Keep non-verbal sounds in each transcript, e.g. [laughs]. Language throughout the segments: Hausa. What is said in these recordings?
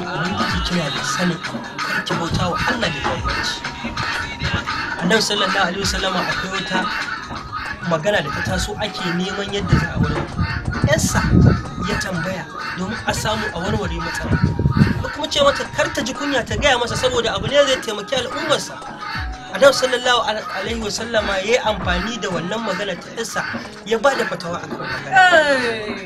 domin ubangiji kina da sanin kar bauta wa Allah da jahilci annabi sallallahu alaihi wasallam akwai wata magana da ta taso ake neman yadda za a warware yansa ya tambaya domin a samu a warware matsala ko kuma ce mata kar ta ji kunya ta gaya masa saboda abu ne zai taimaki al'ummarsa annabi sallallahu alaihi wasallama ya yi amfani da wannan magana ta yansa ya ba da fatawa kan magana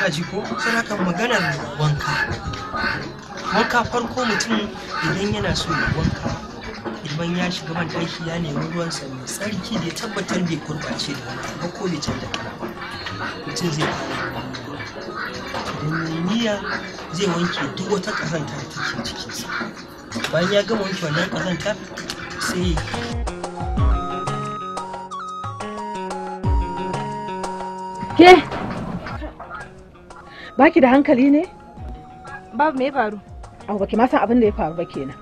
kaji ko sun haka maganar wanka wanka farko mutum idan yana so ya wanka idan ya shiga ban ɗaki ya nemi ruwansa mai tsarki da tabbatar bai gurɓace da wanka, ba ko bai canza kala mutum zai fara idan niyya zai wanke duk wata ƙazanta da take cikinsa bayan ya gama wanke wannan ƙazantar sai ke baki da hankali ne babu me faru Abu baki ma san abin da ya faru ba kenan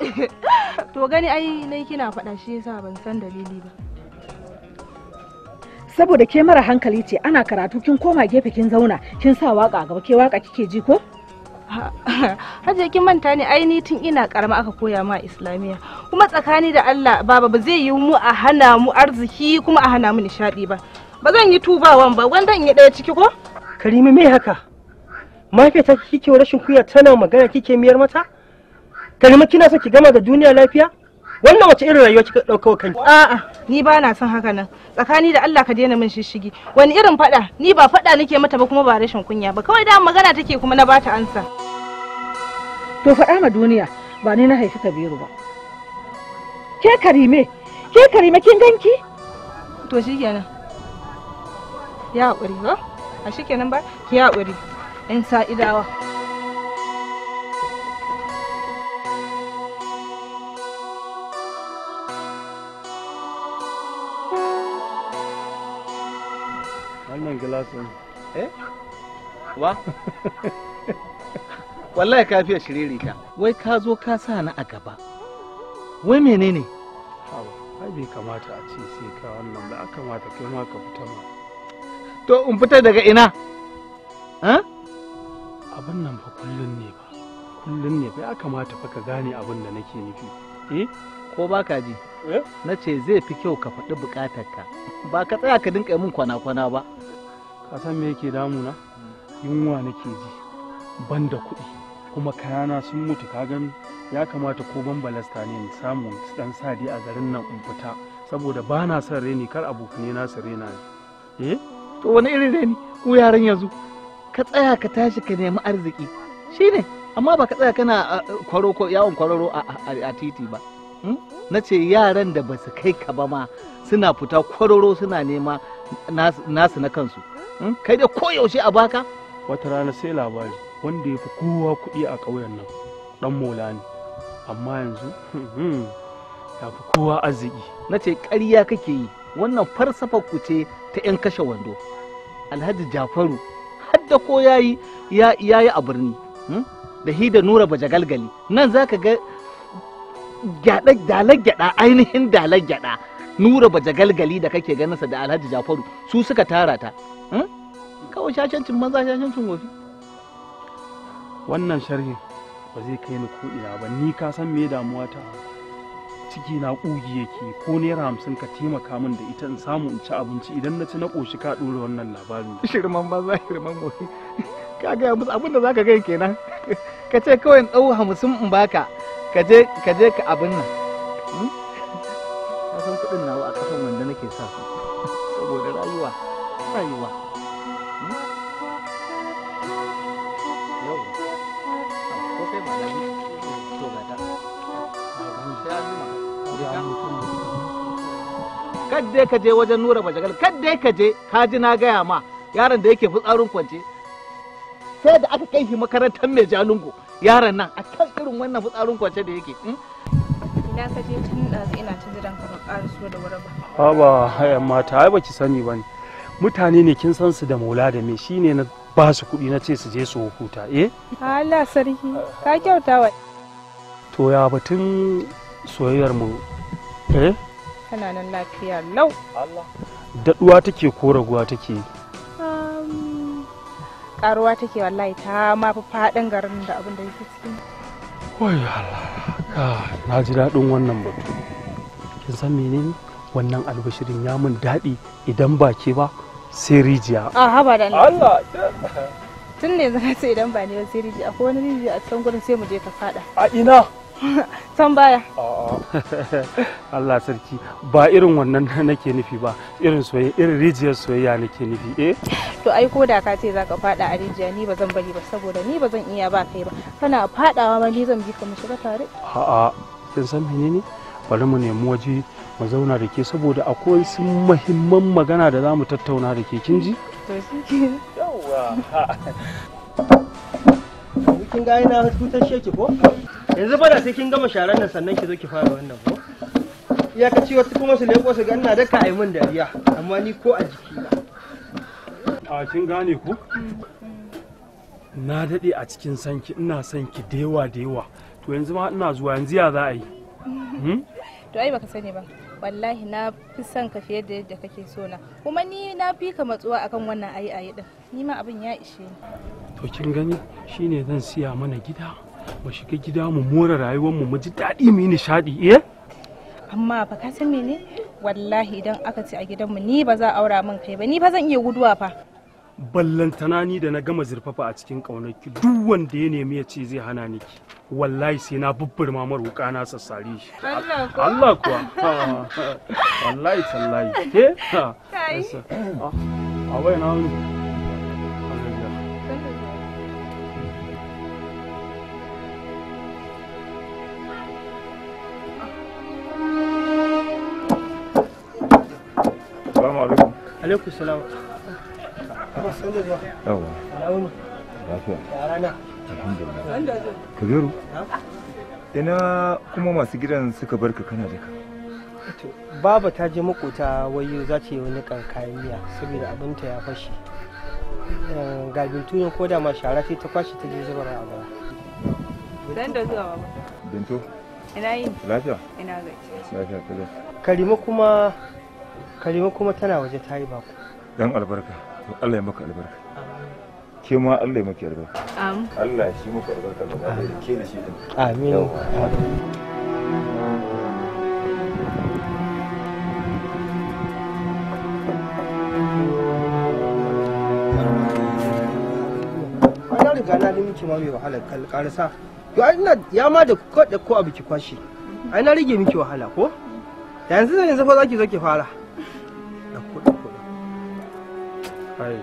[laughs] to gani ai nai kina faɗa shi yasa ban san dalili ba saboda ke mara hankali ce ana karatu kin koma gefe kin zauna kin sa waka gaba ke waka kike ji ko [laughs] Hajiya kin manta ne ai ni tun ina karama aka koya ma Islamiya kuma tsakani da Allah baba ba zai yi mu a hana mu arziki kuma a hana mu nishadi ba ba zan yi tubawan ba wanda in yi daya ciki ko karime me haka? ta kike rashin kuya tana magana kike miyar mata? Karima kina so ki gama da duniya lafiya? Wannan wace irin rayuwa kika dauka wa kanki? A'a, ni ba na son haka nan. Tsakani da Allah ka daina min shishigi. Wani irin fada? Ni ba fada nake mata ba kuma ba rashin kunya ba. Kawai da magana take kuma na bata ansa. To faɗa ma duniya, ba ni na haifi Kabiru ba. Ke Karime, ke Karime kin ganki? To shikenan. Ya haƙuri ba? a kenan ba ki wuri yan sa'idawa wannan gilasin eh wa [laughs] wallahi ka fiye shiriri ka wai ka zo ka sa na a gaba wai menene ne? ai bai kamata a ce sai ka wannan ba a kamata kai ma ka fita ma to in fita daga ina abin nan fa kullum ne ba kullum ne ba ya kamata fa ka gane abin da nake nufi eh ko ba ka ji eh? na ce zai fi kyau ka faɗi buƙatarka ba ka tsaya ka dinka min kwana-kwana ba ka san me yake damuna yunwa nake ji ban da kuɗi kuma kayana sun mutu ka gani ya kamata ko ban balasta ne in samu ɗan sadi a garin nan in fita saboda ba na son reni kar abokanai na su rena eh to wani irin rani ku yaran yanzu ka tsaya ka tashi ka nemi arziki shine amma ba ka tsaya kana kwaro yawon kwararo a titi ba hmm? na ce yaran da ba su kai ka ba ma suna fita kwaroro suna nema nasu na kansu hmm? kai da koyaushe a baka wata rana sai labari wanda ya fi kowa kuɗi a ƙauyen nan ɗan mola ne amma yanzu [laughs] ya fi kowa arziki na ce ƙarya kake yi wannan farsafa ku ce ta 'yan kashe wando alhaji jafaru hadda ko ya yi ya yi a birni hmm? da hi da nura galgali. nan za ka ga dalar gyada ainihin dalar gyada nura galgali da kake ganinsa da alhaji jafaru su suka tara ta hmm? kawai shashancin maza shashancin wofi wannan sharhin ba zai kai ni ko ina ba ni ka san me damuwa ta ciki na ƙugi yake ko naira hamsin ka taimaka min da ita in samu in ci abinci idan na ci na ƙoshi ka ɗora wannan labarin. Shirman ba za shirman mu. Ka gaya musu abin da za ka gani kenan. Ka ce kawai in ɗau hamsin in baka ka je ka je ka abin nan. Hmm? Na san kuɗin nawa a ƙasan wanda nake sa saboda rayuwa rayuwa. kadda ka je wajen nura majagal kadda ka je ka ji na gaya ma yaron da yake fitsarin kwance sai da aka kai shi makarantar mai jalungo yaron nan a kan irin wannan fitsarin kwance da yake hmm? idan ka je tun ɗazu ina ta jiran ka ba ƙara da wuri ba ba hayan mata ai baki sani mutane ne kin san su da maula da me shine na ba su kuɗi na ce su je su huta eh Allah sarki ka kyauta wa to ya batun soyayyar mu eh tana nan lafiya lau daɗuwa take ko raguwa take um, Ƙaruwa take wallahi ta mafi faɗin garin da abin da yake ciki wai Allah na ji daɗin wannan batu kin san menene wannan albashirin ya mun daɗi idan ba ke ba sai rijiya a haba da Allah tun ne zan sai idan ba ne ba sai rijiya ko wani rijiya a can gudun sai mu je ka faɗa a ina [laughs] can baya [laughs] Allah sarki ba irin wannan nake nufi ba irin soyayya irin rijiyar soyayya nake nufi eh to ai ko da ka ce zaka fada a rijiya ni ba zan bari ba saboda ni ba zan iya ba kai ba kana fadawa ma ni zan bi ka mu shiga tare a'a kin san menene bari mu nemi waje mu zauna da ke saboda akwai sun muhimman magana da za mu tattauna da ke kin ji to shi yawa [laughs] kin ga ina hutar sheki ko yanzu ba sai kin gama sharan nan sannan ki zo ki fara wannan ko iyakaci wasu kuma su leko su ganna da ka min dariya amma ni ko a jiki na a kin gane ku na daɗe a cikin sanki ina son ki da yawa da yawa to yanzu ma ina zuwa yanzu ya za a yi hmm? to ai baka sani ba wallahi na fi son ka fiye da yadda kake so na kuma ni na fi ka matsuwa akan wannan ayi ayi din ni ma abin ya ishe ni to kin gani shine zan siya mana gida mu shiga gida mu more rayuwar mu mu ji daɗi mu yi nishaɗi eh amma fa ka san mene wallahi idan aka ce a gidan mu ni ba za a aura min kai ba ni fa zan iya guduwa fa ballantana ni da na gama zurfafa a cikin ƙaunarki duk wanda ya nemi ya ce zai hana ni wallahi sai na bubbur mamar wuka na sassare shi Allah kuwa wallahi tallahi ke a ah, ah, wai wani alaikum salam yawa lafiya alhamdulillah kabiru ina kuma masu gidan suka bar ka kana da ka baba ta je makota wayo za ta yi wani kankayan miya saboda abinta ya fashe eh, ga bintu ko da ma shara sai ta kwashe ta je zubar a baya dan da zuwa baba bintu ina yi lafiya ina gaci lafiya kaza karima kuma kalima kuma tana waje ta yi bako. Dan albarka, Allah ya maka albarka. Ke ma Allah ya maka albarka. Amin. Allah shi maka albarka ba da ke da shi din. Amin. na Ya ma da ko abu ki kwashe. Ai na rige miki wahala ko? Yanzu yanzu fa za ki zo ki fara. ɗauko ɗauko ai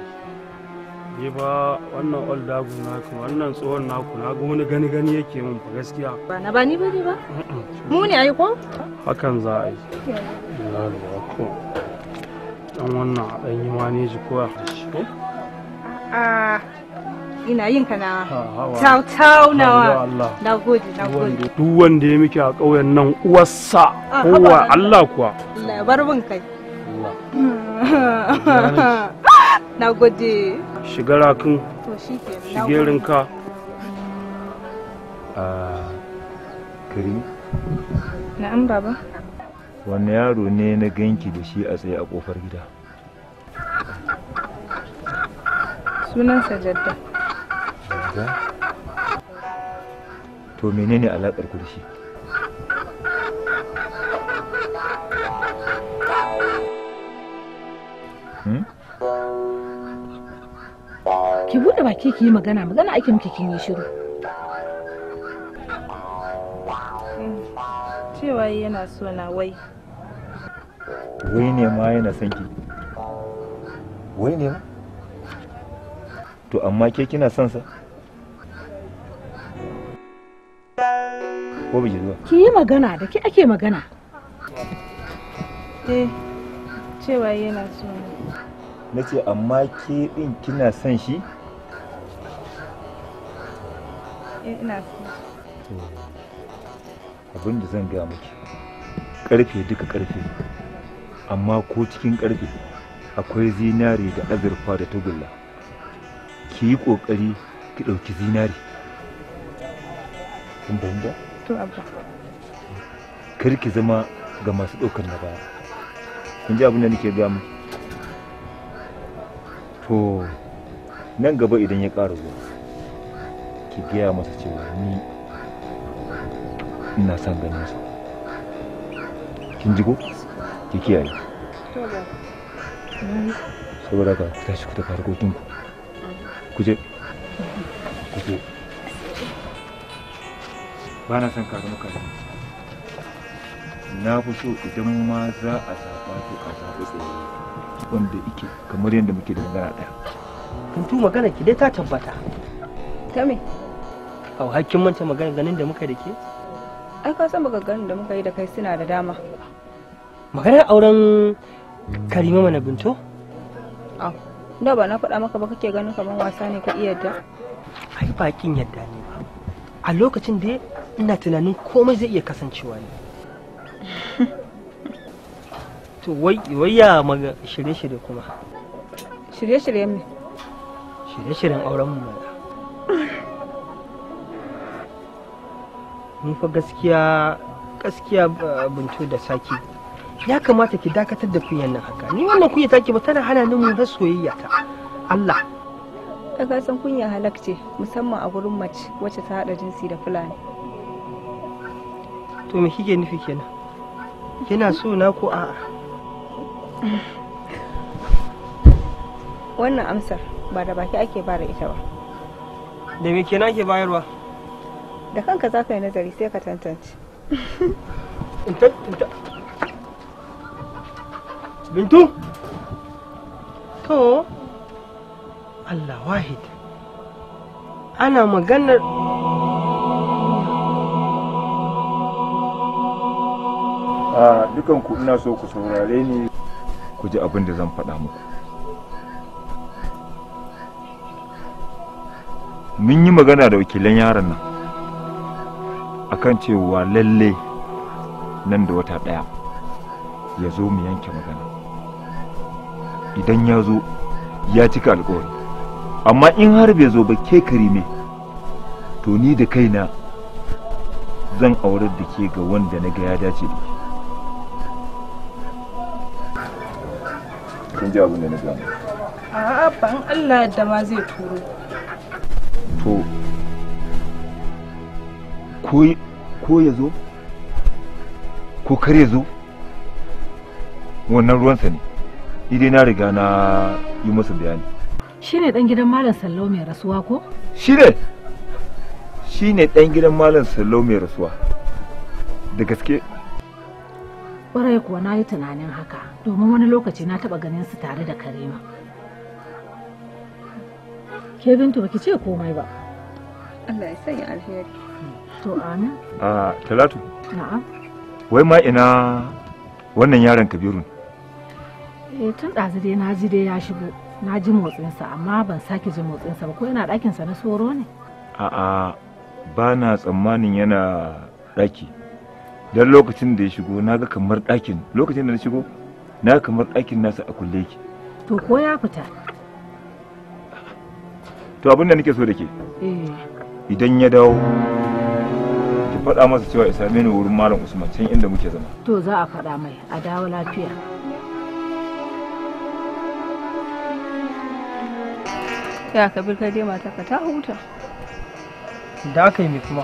ni ba wannan old dagu na kuma wannan tsohon naku na ga wani gani gani yake mun fa gaskiya ba na ba ni ba ba mu ne ai ko hakan za a yi na lura ko dan wannan a dan yi maneji ko a ko ina yin ka nawa tau nawa na gode na gode duk wanda ya miki a ƙauyen nan uwarsa ah, kowa Allah kuwa Allah kai [laughs] na gode shiga rakin shige rinka a ah, kiri na'am baba wanne yaro ne na ganki da shi a tsaye a kofar gida sunansa jadda to menene alaƙar ku da shi da baki ki yi magana magana ake miki kin yi shiru cewa yana so na wai wai ne ma yana son ki wai ne ma to amma ke kina son sa ko biki zuwa ki yi magana da ki ake magana eh cewa yana so na ce amma ke din kina son shi Eh, ina abin da zan gaya miki karfe duka karfe amma ko cikin karfe akwai zinare da azurfa da tugulla ki yi kokari ki ɗauki zinare kun to abba kar ki zama ga masu ɗaukar na baya kun ji abin da nake gaya miki to nan gaba idan ya ƙara zuwa ki gaya masa cewa ni ina son ganin sa kin ji ko ki kiyaye saboda ka ku tashi ku tafi harkokin ku ku je ku je ba na son karu maka na fi so idan ma za a zaɓa to a zaɓi tsaye wanda ike kamar yadda muke da magana ɗaya. Tuntu magana ki dai ta tabbata. Ta me? A hakkin manta maganganun da muka da ke? Ai ka san maganganun da muka yi da kai suna da dama. Maganar auren Karima mana binto? Au, da ba na faɗa maka ba kake ganin kamar wasa ne ka iya da? Ai kin yadda ne ba. A lokacin da ina tunanin komai zai iya kasancewa ne. [laughs] To wai ya maga shirye-shirye kuma. Shirye-shiryen ne. Shirye-shiryen auren mu mana. mun fa gaskiya gaskiya eh, buntu da saki ya kamata ki dakatar da kunyan nan haka ni wannan kunya take ba tana hana ni mu ga soyayya ta Allah ka san kunya halak ce musamman a gurin mace wacce ta hada jinsi da fulani to me kike nufi kenan kina so na ko a'a wannan amsar ba da baki ake bara ita ba da me kenan ke bayarwa da kanka za ka yi nazari sai ka tantance bintu to allah wahid ana maganar a ku ina so ku saurare ni ku ji abin da zan faɗa muku mun yi magana da wakilan yaron nan akan cewa lalle nan da wata ɗaya ya zo mu yanke magana idan ya zo ya cika alkawari amma in har bai zo ba ke karime to ni da kaina zan aurar da ke ga wanda na ga ya dace da kun ji abin da na gano a'a ban Allah yadda ma zai turo ko ya zo ko kar ya zo wannan ruwansa ne idai na riga na yi masa bayani shine dan gidan malam sallau mai rasuwa ko shine shine dan gidan malam sallau mai rasuwa da gaske ƙwarai kuwa na yi tunanin haka domin wani lokaci na taɓa ganin su tare da karima ke bintu ki ce komai ba Allah ya sanya alheri To amin. A Talatu. Na'am. Wai ma ina wannan yaron Kabiru. Eh tun ɗazu dai na ji dai ya shigo. Na ji motsinsa amma ban sake ji motsinsa ba ko yana ɗakinsa na soro ne? A'a ba na tsammanin yana ɗaki. Dan lokacin da ya shigo na ga kamar ɗakin lokacin da na shigo na kamar ɗakin nasa a kulle ki. To ko ya fita? To abin da nake so da ke. Eh. Idan ya dawo faɗa masa cewa ya same ni wurin malam usman can inda muke zama to za a faɗa mai a dawo lafiya ya kabir kai dai ka ta huta da aka yi mai kuma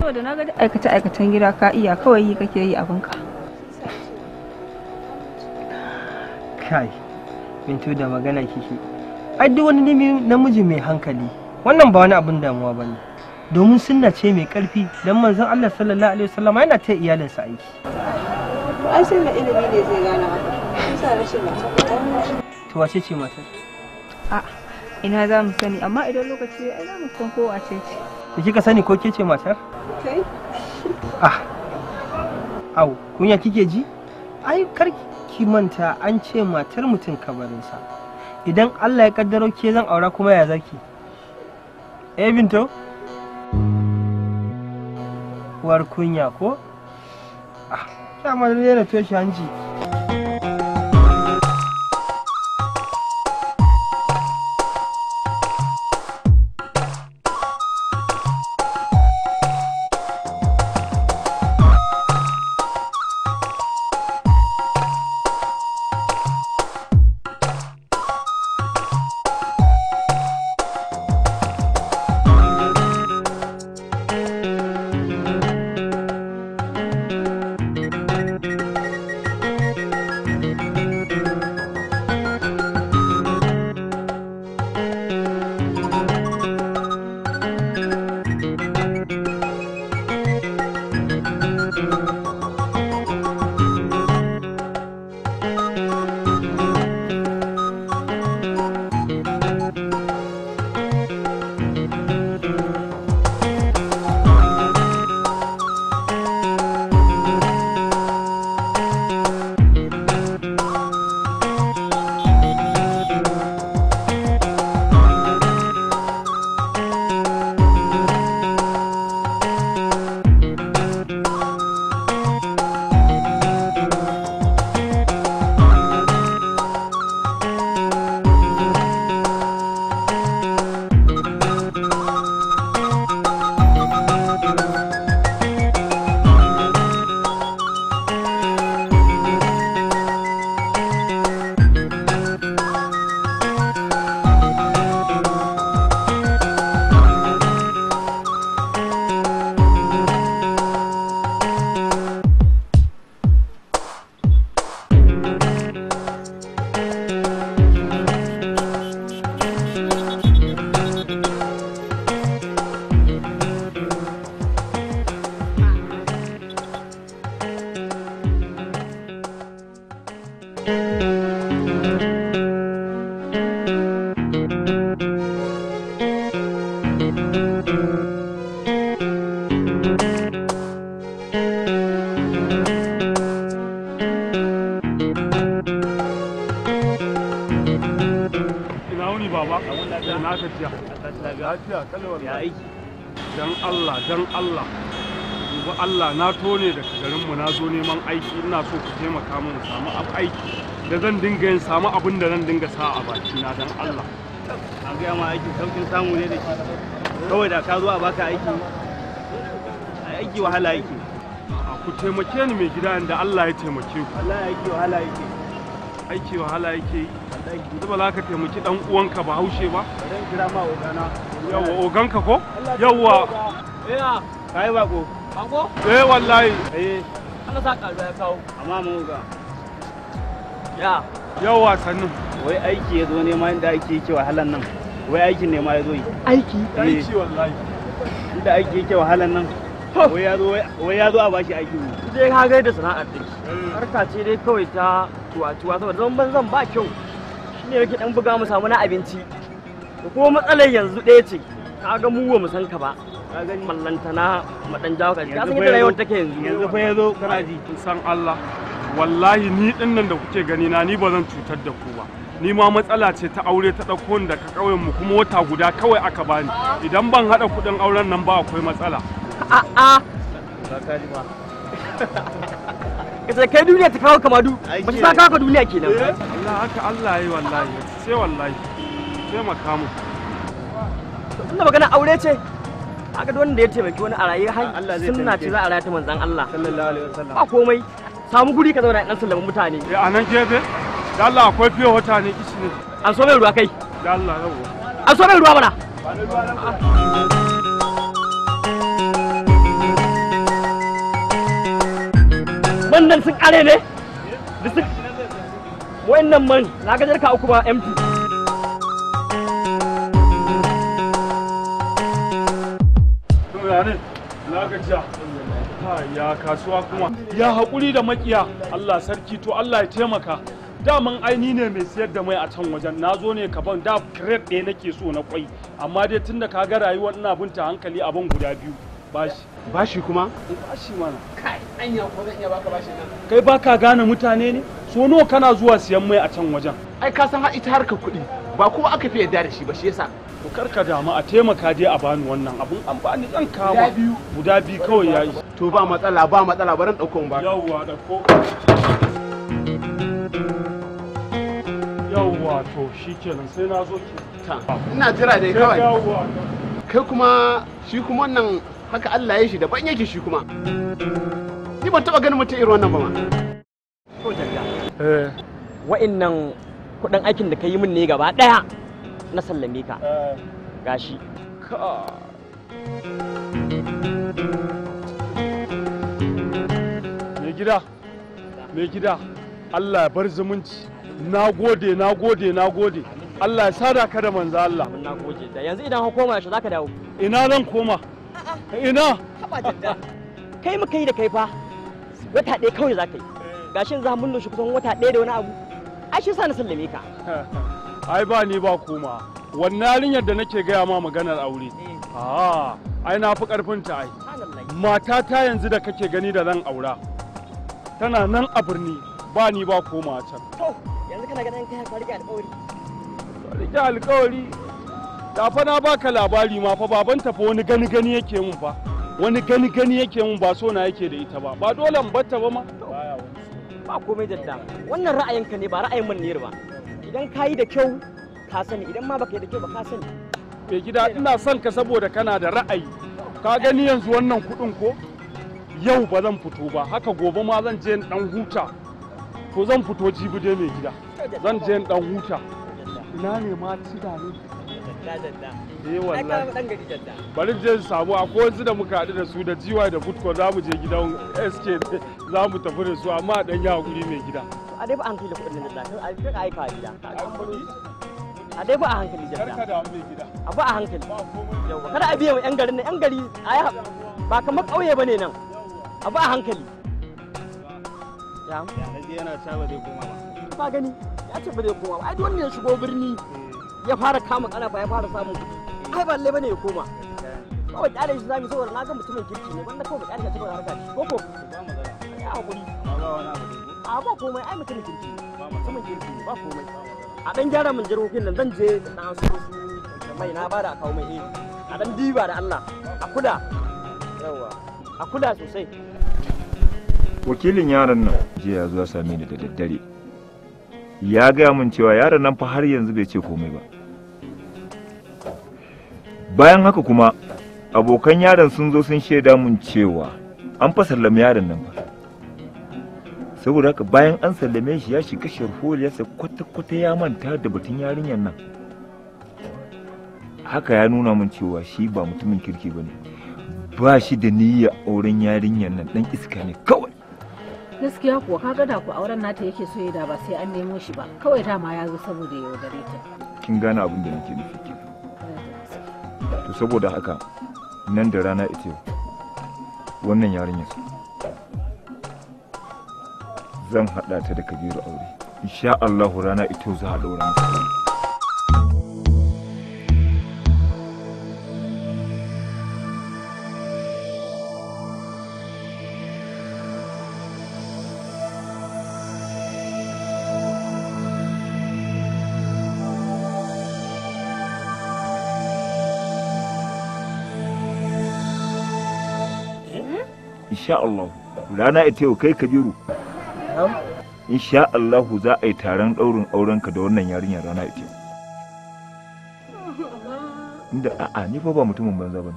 saboda na ga aikata-aikatan gida ka iya kawai yi kake yi abinka kai mintu da magana kike ai duk wani namiji mai hankali wannan ba wani abin damuwa bane domin sunna ce mai karfi don manzon Allah sallallahu alaihi wasallam yana ta iyalinsa aiki ai sai mai ilimi ne zai gane haka rashin mace to wace ce matar a ina za mu sani amma idan lokaci ya ai za mu san ko wace ce to kika sani ko ke ce matar kai ah au kunya kike ji ai kar ki manta an ce matar mutum kabarinsa idan Allah ya kaddaro ke zan aura kuma ya zaki eh binto uwar kunya ko? Ah, dama daina toshe hanci. don Allah ba Allah na tone daga garinmu na zo neman aiki ina so ku taimaka min samu aiki da zan dinga yin samu abin da zan dinga sa a baki na don Allah a gaya ma aiki saukin samu ne da ke kawai da ka zo a baka aiki aiki wahala yake ku taimake ni mai gida da Allah ya taimake ku ya aiki wahala yake aiki wahala yake yanzu ba za ka taimaki dan uwanka ba haushe ba dan kira ma ogana yawa oganka ko yawa Iya. Kai bako. Bako? Eh wallahi. Eh. Allah sa karuwa ya kawo. Amma mu ga. Ya. Yau wasannin. Wai aiki ya zo nema inda ake yake wahalan nan. Wai aikin nema ya zo yi. Aiki? Eh. Aiki wallahi. Inda aiki yake wahalan nan. Wai ya zo a bashi aiki ne. Je ka da sana'ar ɗin. Eh. Harka ce dai kawai ta tuwa-tuwa saboda zan ban zan ba kyau. Shi ne yake dan buga mu samu na abinci. ko matsalar yanzu ɗaya ce. Ka ga mu wa mu san ka ba. mallantana madan jawo rayuwar yanzu san Allah wallahi ni din nan da kuke gani na ni ba zan cutar da ku ba ni ma matsala ce ta aure ta dauko da ka kauyen mu kuma wata guda kawai aka bani idan ban haɗa kudin auren nan ba akwai matsala a'a ka kai duniya ta kawo kamadu ba ta kawo ka duniya kenan eh, Allah haka Allah yi wallahi sai wallahi sai makamu tunda magana aure ce kaga duk wanda ya taimaki wani a raye har sunna ce za a ta Allah sallallahu komai samu guri ka zauna dan sallama mutane eh anan gefe da Allah akwai fiye wata ne ne an so mai ruwa kai da Allah ruwa bana wannan sun kare ne man na gajar ka uku ba empty gajiya ya kasuwa kuma ya haƙuri da makiya Allah sarki to Allah ya taimaka daman aini ne mai siyar da mai a can wajen na zo ne ka ban da kiret ɗaya nake so na kwai amma dai tun da ka ga rayuwar ina binta hankali abin guda biyu bashi bashi kuma bashi mana kai anya ko zan iya baka bashi nan kai baka gane mutane ne so nawa kana zuwa siyan mai a can wajen ai ka san ita harkar kuɗi ba kuma aka fi yarda da shi ba shi yasa to karka damu a taimaka dai a bani wannan abun an bani zan kama guda biyu kawai yayi to ba matsala ba matsala bari ɗauko ba yawwa ɗauko yawwa to shikenan sai na zo ki ina jira dai kawai kai kuma shi kuma wannan haka Allah ya shi daban yake shi kuma ni ban taba ganin mutum irin wannan ba ma to jalla eh wa'annan kudin aikin da ka yi min ne gaba daya na sallame ka gashi mai gida mai gida allah ya bar zumunci na gode na gode na gode allah ya sada ka da manzo allah na gode da yanzu idan ka koma shi zaka dawo ina zan koma ina kai muka yi da kai fa wata ɗaya kawai za ka yi gashin za mun nushi kusan wata ɗaya da wani abu ai shi sa na sallame ka ai ba ni ba kuma wannan yarinyar da nake gaya ma maganar aure eh. a ai na fi karfin ta ai matata yanzu da kake gani da zan aura tana nan a birni ba ni ba koma can to yanzu kana ganin kai ka rike alƙawari rike alƙawari da fa na baka labari ma fa baban ta fa wani gani gani yake mun fa wani gani gani yake mun ba so na yake da ita ba ba dole in batta ba ma ba komai dadda wannan ra'ayinka ne ba ra'ayin mun ne ba idan ka yi da kyau ka sani idan ma baka yi da kyau ba ka sani mai gida ina son ka saboda kana da ra'ayi ka gani yanzu wannan kudin ko yau ba zan fito ba haka gobe ma zan je dan huta to zan fito jibi dai mai gida zan je dan huta ina ne ma cida ne eh wallahi bari je samu akwai wasu da muka haɗu da su da jiwa da butko za mu je gidan sk za mu tafi da su amma dan ya hakuri mai gida a dai ba a hankali kuɗin nan da a kai ai gida a dai ba a hankali jami'a a ba a hankali yawa kada a biya wa 'yan garin nan 'yan gari a ba kamar ƙauye ba ne nan a ba a hankali ya yana ta ba zai koma ba ba gani ya ce ba zai koma ba ai wanda ya shigo birni ya fara kama kana ya fara samun kuɗi ai ba lalle ne ya koma kawai kyale shi zamu saboda na ga mutumin kirki ne wanda kawai kyale shi saboda harka ko ko hakuri a ba komai ai mutum kirki mutumin kirki ba komai a dan gyara min jirgin nan dan je na so su mai na bada kawo mai eh a dan diba da Allah a kula yawa a kula sosai wakilin yaron nan je ya zo ya same ni da daddare ya gaya min cewa yaron nan fa har yanzu bai ce komai ba bayan haka kuma abokan yaron sun zo sun shaida mun cewa an fa sallami yaron nan ba saboda haka bayan an sallame shi ya shiga sai kwata-kwata ya manta da batun yarinyar nan haka ya nuna min cewa shi ba mutumin kirki ba ne ba shi da niyya auren yarinyar nan dan iska ne kawai gaskiya kuwa ka gada ku auren nata yake so ya da ba sai an nemo shi ba kawai dama ya zo saboda ya ta kin gane abin da nake nufi ke to saboda haka nan da rana ita wannan yarinyar zan haɗa ta da kabiru aure insha Allah rana ita za a daura mata. insha Allah rana ita yau kai kabiru insha Allahu za a yi taron ɗaurin aurenka da wannan yarinyar rana ita inda a'a ni fa ba mutumin banza bane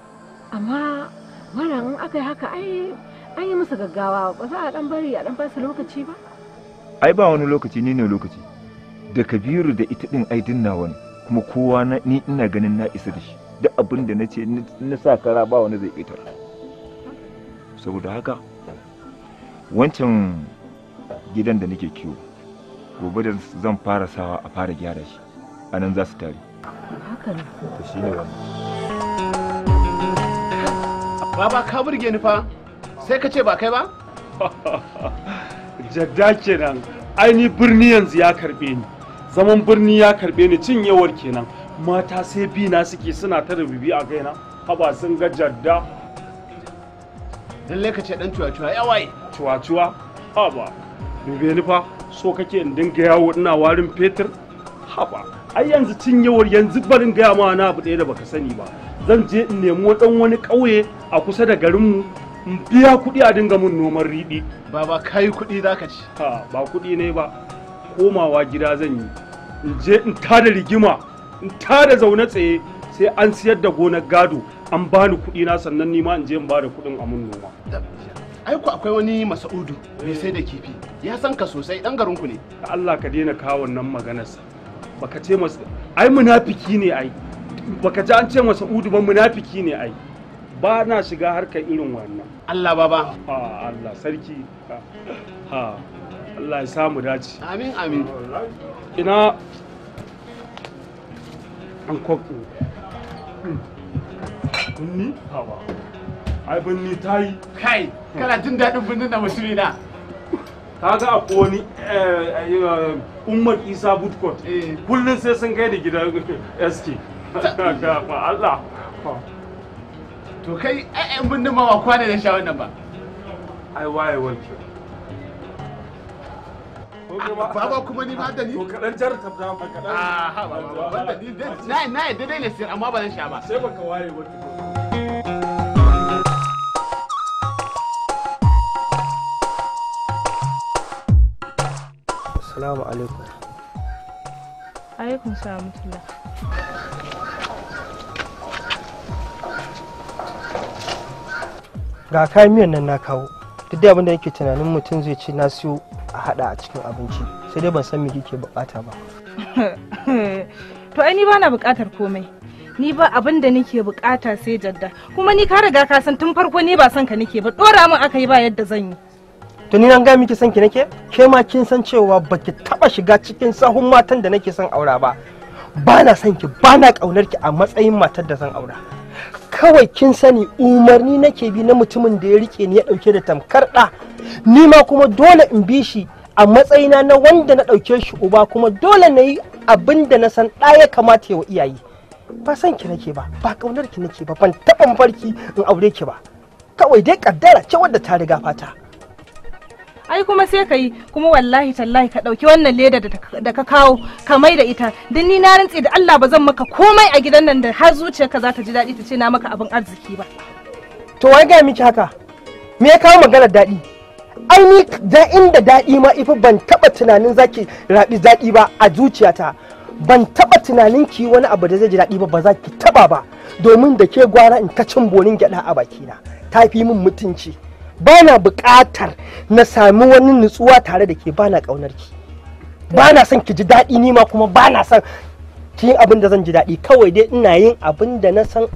amma malam in aka yi haka ai an yi musu gaggawa ba za a dan bari a dan ba lokaci ba ai ba wani lokaci ni ne lokaci da kabiru da ita din ai dinna wani kuma kowa na ni ina ganin na isa da shi duk abin da nace na sa kara ba wani zai ƙetare saboda haka wancan gidan da nake kiwo gobe da zan fara sawa a fara gyara shi a nan za su tare haka ne to shi ne wannan baba ka burge ni fa sai ka ce ba kai ba [laughs] jadda kenan aini birni yanzu ya karbe ni zaman birni ya karbe ni cinyewar kenan mata sai bi na suke suna ta rububi a kaina haba sun ga jadda lallai ka ce dan cuwa-cuwa yawaye cuwa-cuwa haba dube ni fa so kake in dinga yawo ina warin fetur haba ai yanzu cinyewar yanzu barin gaya ma na abu ɗaya da baka sani ba zan je in nemo ɗan wani ƙauye a kusa da garinmu in biya kuɗi a dinga mun noman riɗi ba ba kayi kuɗi za ka ci ha ba kuɗi ne ba komawa gida zan yi in je in tada rigima in tada zaune tsaye sai an siyar da gonar gado an bani kuɗi na sannan nima in je in bada kuɗin a mun noma aiko akwai wani masa'udu mai sai da kifi ya san ka sosai dan garinku ne Allah ka daina kawo nan maganarsa baka ce masa ai munafiki ne ai baka ji an ce masa'udu ba munafiki ne ai ba na shiga harkar irin wannan Allah baba Ha, ah, Allah sarki ha Allah ya samu dace amin amin ina an kwakko hmm. kunni ha ba ai ta yi kai kana jin daɗin birnin na musulmi na ta ga wani eh, eh, eh, umar isa bootcourt kullum sai sun kai da gidan sk [laughs] ga Allah to kai ayyan birnin ma ba kwana da sha wannan ba ai waye wanke ah, Baba kuma ni ma da ni. jar ba Na yi dai ne amma ba zan sha ba. Sai baka waye Assalamu alaikum. Alaikum salam Ga kayan miyan nan na kawo. Duk da abin da nake tunanin mutum zai ci na siyo a hada a cikin abinci. Sai dai ban san me kike bukata ba. [laughs] To ai ni bana bukatar komai. Ni ba abin da nake bukata sai jadda. Kuma ni ka riga ka san tun farko ni ba san ka nake ba. Dora min aka yi ba yadda zan yi. to ni an ga miki son ki nake ke ma kin san cewa baki taba shiga cikin sahun matan da nake son aura ba ba na son ki ba na kaunar ki a matsayin matar da zan aura kawai kin sani umarni nake bi na mutumin da ya rike ni ya dauke da tamkar da ni ma kuma dole in bi shi a matsayina na wanda na dauke shi uba kuma dole na yi abin na san ɗa ya kamata wa iyaye ba san ki nake ba ba kaunar ki nake ba ban taɓa mafarki in aure ki ba kawai dai kaddara ce wadda ta riga fata ai kuma sai ka yi kuma wallahi tallahi ka ɗauki wannan leda da ka kawo ka mai da ita don ni na rantse da Allah ba zan maka komai a gidan nan da har zuciyarka za ta ji daɗi ta ce na maka abin arziki ba. To wai ga miki haka me ya kawo maganar daɗi? Ai ni da inda daɗi ma ifi ban taɓa tunanin zaki raɗi daɗi ba a zuciyata. Ban taɓa tunanin ki wani abu da zai ji daɗi ba ba za ki taɓa ba domin da ke gwara in ta cin bonin gyaɗa a bakina ta fi min mutunci. ba na buƙatar na sami wani nutsuwa tare da ke ba na ƙaunar ki ba na son ki ji daɗi ni ma kuma ba na son ki yin abin da zan ji daɗi kawai dai ina yin abin da na san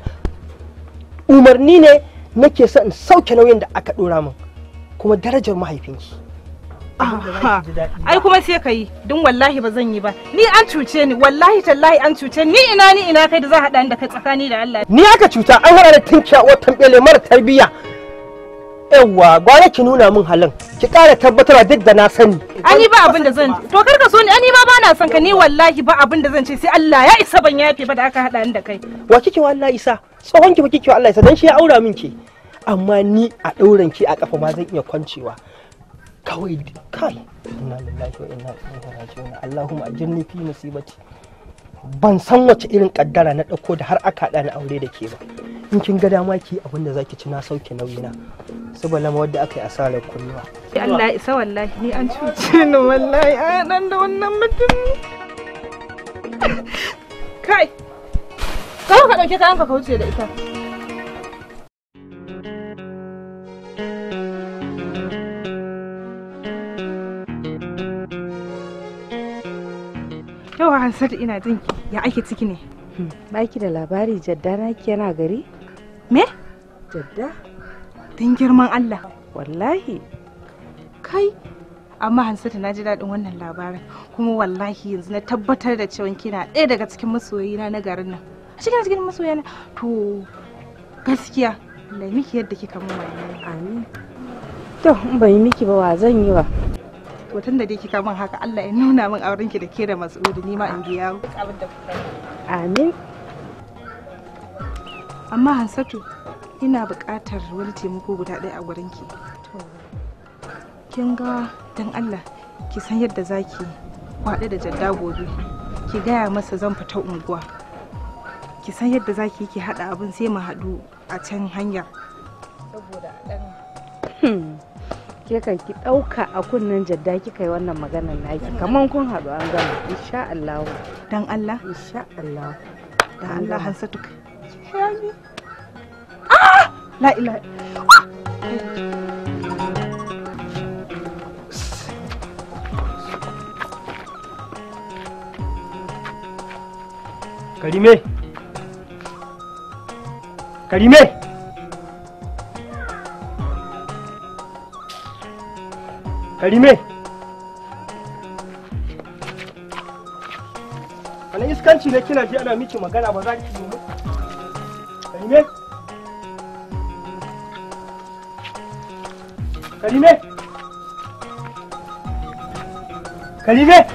umarni ne nake son in sauke nauyin da aka ɗora min kuma darajar mahaifinki ai kuma sai ka yi don wallahi ba zan yi ba ni an cuce ni wallahi tallahi an cuce ni ina ni ina kai da za haɗa da kai tsakani da Allah ni aka cuta an haɗa da tinkiya wata tambele mara tarbiyya yawwa gwara ki nuna min halin ki kara tabbatarwa duk da na sani ani ba abin da zan to kar ka so ni ani ma ba na son ka ni wallahi ba abin da zan ce sai Allah ya isa ban yafe ba da aka hada ni da kai wa kike wa Allah isa tsohon ki ba kike wa Allah isa dan shi ya aura min ki amma ni a dauran ki a kafa ma zan iya kwancewa kawai kai inna lillahi wa inna ilaihi raji'un allahumma ajirni fi musibati ban san wace irin kaddara na ɗauko da har aka haɗa na aure da ke ba in kin ga dama ki abin da zaki ci na sauke nauyina saboda ma wadda aka yi asarar kunnuwa Allah isa wallahi ni an cuce ni wallahi a dan da wannan mutum kai kawai ka ɗauke kayan ka kauce da ita da ina jin ya ake ciki ne. Hmm, baki da labari jadda na yana gari? Me? Jadda? Don girman Allah. Wallahi. Kai, amma Hansatu na ji daɗin wannan labarin kuma wallahi yanzu na tabbatar da cewa kina ɗaya daga cikin masoyina na garin nan. A cikin cikin masoyana to gaskiya da miki yadda kika mun wannan. Amin. To, in bai miki ba wa zan yi wa. to da dai kika min haka Allah ya nuna min auren ki da ke da Mas'udu ni ma in biya amin amma Hansatu ina buƙatar wani taimako guda ɗaya a gurin ki kin ga dan Allah ki san yadda zaki kwaɗe da jadda gobe ki gaya masa zan fita unguwa ki san yadda zaki ki haɗa abin sai mu haɗu a can hanyar ke kan ki ɗauka a kunnen jadda kika yi wannan maganar naki kamar kun haɗu an gama insha Allah dan Allah insha Allah dan Allah har hansatu kai ah! la ilaha Karime Karime karime wani iskanci ne kina ji ana miki magana ba za ki yi karime karime karime